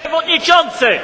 Przewodniczący!